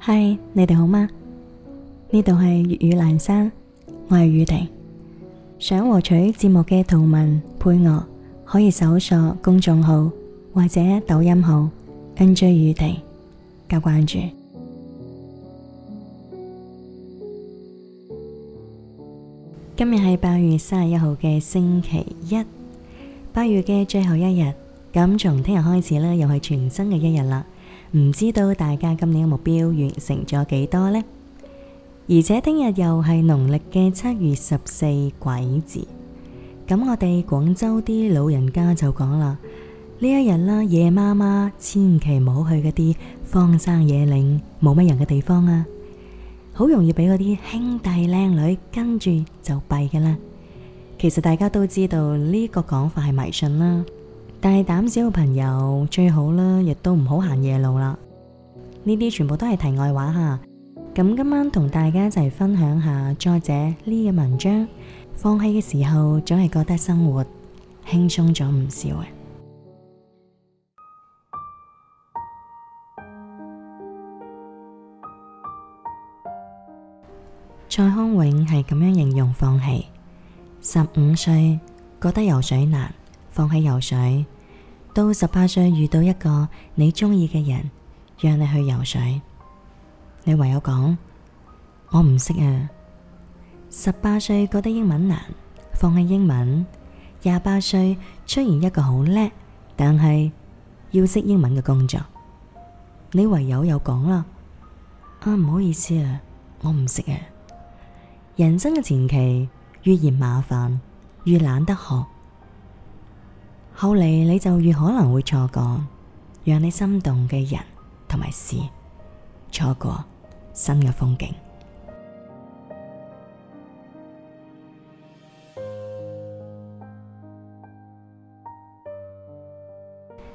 嗨，Hi，你哋好嗎？呢度係粵語闌珊，我係宇婷。想獲取節目嘅圖文配樂，可以搜索公眾號或者抖音號 NJ 宇婷加關注。今日係八月三十一號嘅星期一，八月嘅最後一日，咁從聽日開始咧，又係全新嘅一日啦。唔知道大家今年嘅目標完成咗幾多呢？而且聽日又係農曆嘅七月十四鬼節，咁我哋廣州啲老人家就講啦：呢一日啦、啊，夜媽媽千祈唔好去嗰啲荒山野嶺冇乜人嘅地方啊，好容易俾嗰啲兄弟靚女跟住就弊噶啦。其實大家都知道呢個講法係迷信啦、啊。但係膽小嘅朋友最好啦，亦都唔好行夜路啦。呢啲全部都係題外話吓。咁今晚同大家一齊分享下作者呢嘅文章。放棄嘅時候，總係覺得生活輕鬆咗唔少 蔡康永係咁樣形容放棄：十五歲覺得游水難。放棄游水，到十八歲遇到一個你鍾意嘅人，讓你去游水，你唯有講，我唔識啊。十八歲覺得英文難，放棄英文，廿八歲出現一個好叻，但係要識英文嘅工作，你唯有又講啦，啊唔好意思啊，我唔識啊。人生嘅前期越嫌麻煩，越懶得學，後嚟你就越可能會錯過讓你心動嘅人同埋事，錯過新嘅風景。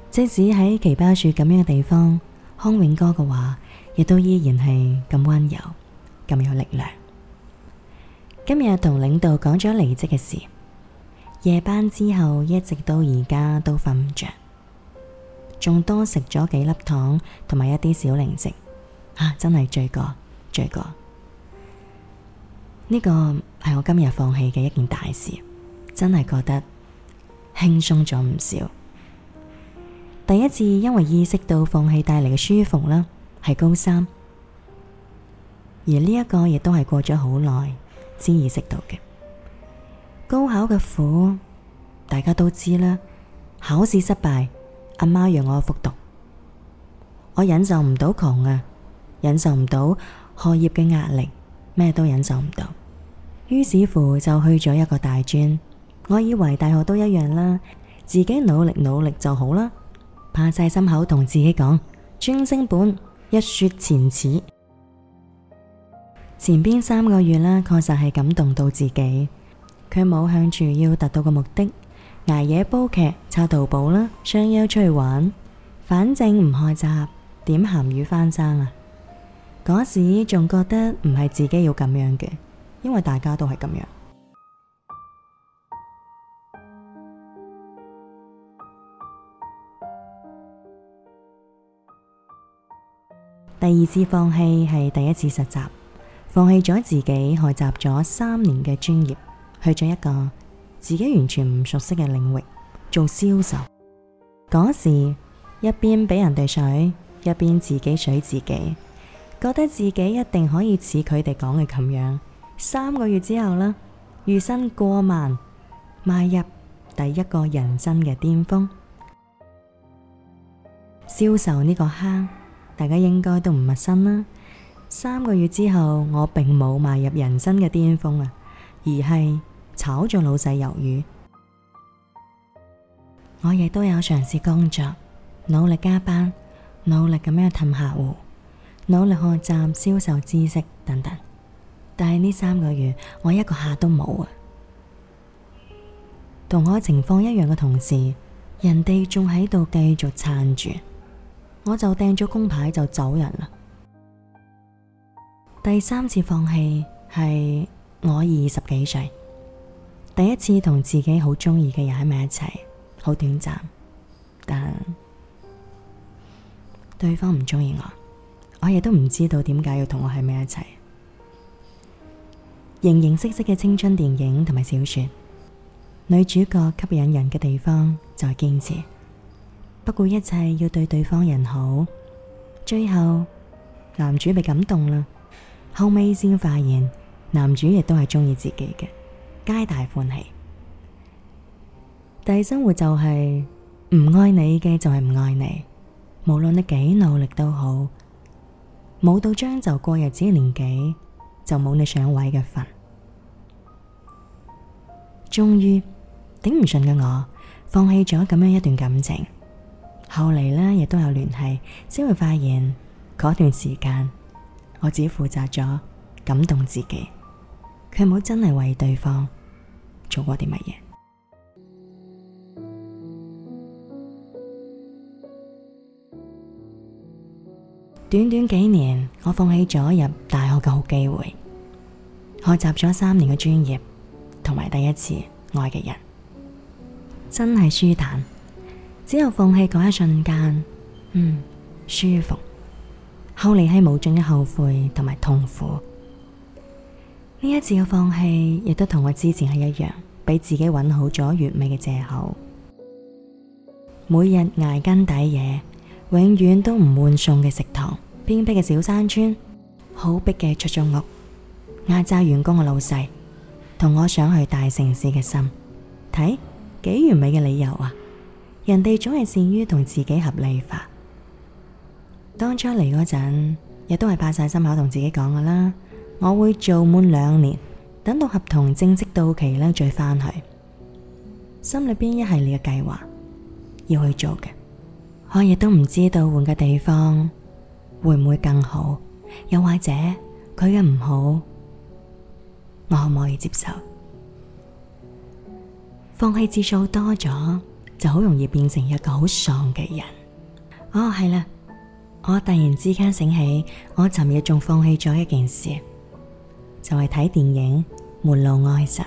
即使喺奇葩說咁樣嘅地方，康永哥嘅話亦都依然係咁温柔、咁有力量。今日同領導講咗離職嘅事。夜班之後，一直到而家都瞓唔着，仲多食咗幾粒糖同埋一啲小零食，啊，真係罪過罪過！呢個係我今日放棄嘅一件大事，真係覺得輕鬆咗唔少。第一次因為意識到放棄帶嚟嘅舒服啦，係高三，而呢一個亦都係過咗好耐先意識到嘅。高考嘅苦，大家都知啦。考試失敗，阿媽讓我複讀，我忍受唔到窮啊，忍受唔到學業嘅壓力，咩都忍受唔到。於是乎就去咗一個大專。我以為大學都一樣啦，自己努力努力就好啦。拍晒心口同自己講，專升本，一雪前恥。前邊三個月啦，確實係感動到自己。佢冇向住要達到嘅目的，捱夜煲劇、刷淘寶啦，雙休出去玩，反正唔學習，點鹹魚翻生啊？嗰時仲覺得唔係自己要咁樣嘅，因為大家都係咁樣。 第二次放棄係第一次實習，放棄咗自己學習咗三年嘅專業。去咗一個自己完全唔熟悉嘅領域做銷售，嗰時一邊畀人哋水，一邊自己水自己，覺得自己一定可以似佢哋講嘅咁樣，三個月之後啦，月薪過萬，邁入第一個人生嘅巔峰。銷售呢個坑，大家應該都唔陌生啦。三個月之後，我並冇邁入人生嘅巔峰啊，而係。炒咗老細魷魚，我亦都有嘗試工作，努力加班，努力咁樣氹客戶，努力學習銷售知識等等。但係呢三個月，我一個客都冇啊！同我情況一樣嘅同事，人哋仲喺度繼續撐住，我就掟咗工牌就走人啦。第三次放棄係我二十幾歲。第一次同自己好中意嘅人喺埋一齊，好短暫，但對方唔中意我，我亦都唔知道點解要同我喺埋一齊。形形色色嘅青春電影同埋小說，女主角吸引人嘅地方就係堅持，不顧一切要對對方人好。最後男主被感動啦，後尾先發現男主亦都係中意自己嘅。皆大歡喜，但係生活就係、是、唔愛你嘅就係唔愛你，無論你幾努力都好，冇到將就過日子嘅年紀，就冇你上位嘅份。終於頂唔順嘅我，放棄咗咁樣一段感情。後嚟呢，亦都有聯繫，先會發現嗰段時間，我只負責咗感動自己，佢冇真係為對方。做過啲乜嘢？短短幾年，我放棄咗入大學嘅好機會，學習咗三年嘅專業，同埋第一次愛嘅人，真係舒坦。只有放棄嗰一瞬間，嗯，舒服。後嚟係無盡嘅後悔同埋痛苦。呢一次嘅放棄，亦都同我之前係一樣，俾自己搵好咗完美嘅借口。每日挨更抵夜，永遠都唔換餸嘅食堂，偏僻嘅小山村，好逼嘅出租屋，壓榨員工嘅老細，同我想去大城市嘅心，睇幾完美嘅理由啊！人哋總係善於同自己合理化。當初嚟嗰陣，亦都係拍晒心口同自己講㗎啦。我會做滿兩年，等到合同正式到期咧再翻去。心裏邊一系列嘅計劃要去做嘅，我亦都唔知道換個地方會唔會更好，又或者佢嘅唔好，我可唔可以接受？放棄次數多咗，就好容易變成一個好喪嘅人。哦，係啦，我突然之間醒起，我尋日仲放棄咗一件事。就係睇電影《末路愛神》，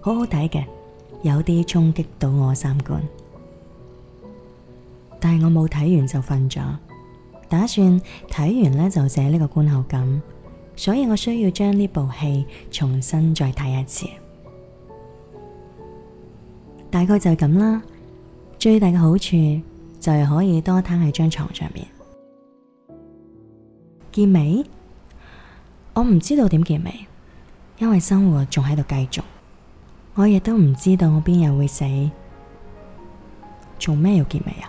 好好睇嘅，有啲衝擊到我三觀。但係我冇睇完就瞓咗，打算睇完咧就寫呢個觀後感，所以我需要將呢部戲重新再睇一次。大概就咁啦。最大嘅好處就係可以多攤喺張床上面。結尾？我唔知道點結尾，因為生活仲喺度繼續，我亦都唔知道我邊日會死，做咩要結尾呀？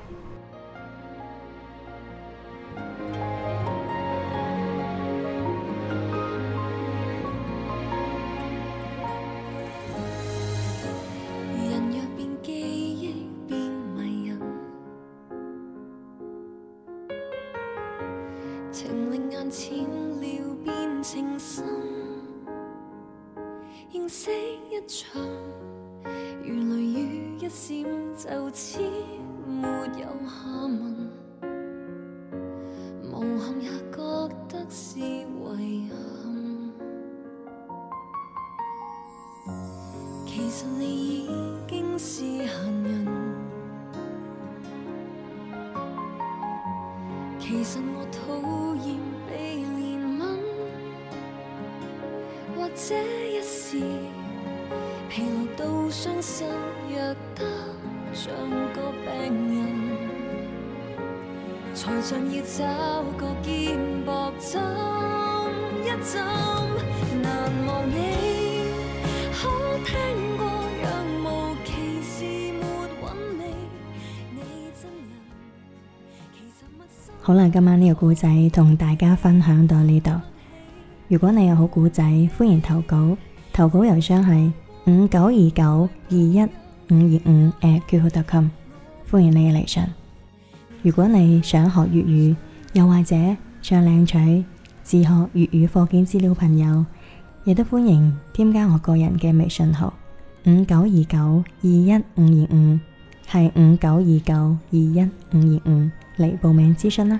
見識一場，如雷雨一閃，就此沒有下文。無憾也覺得是遺憾。其實你已經是閒人，其實我討厭被人。這一世疲累到傷心，弱得像個病人，才想要找個肩膊，枕一枕，難忘你，可聽過若無其事沒韻味？你真人，其實陌生。好啦，今晚呢個故仔同大家分享到呢度。如果你有好古仔，歡迎投稿，投稿郵箱係五九二九二一五二五，誒，括號特琴，歡迎你嘅嚟信。如果你想學粵語，又或者想領取自學粵語課件資料，朋友亦都歡迎添加我個人嘅微信號五九二九二一五二五，係五九二九二一五二五嚟報名諮詢啦。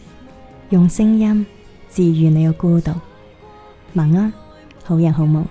用聲音治愈你嘅孤獨，晚安，啊，好人好夢。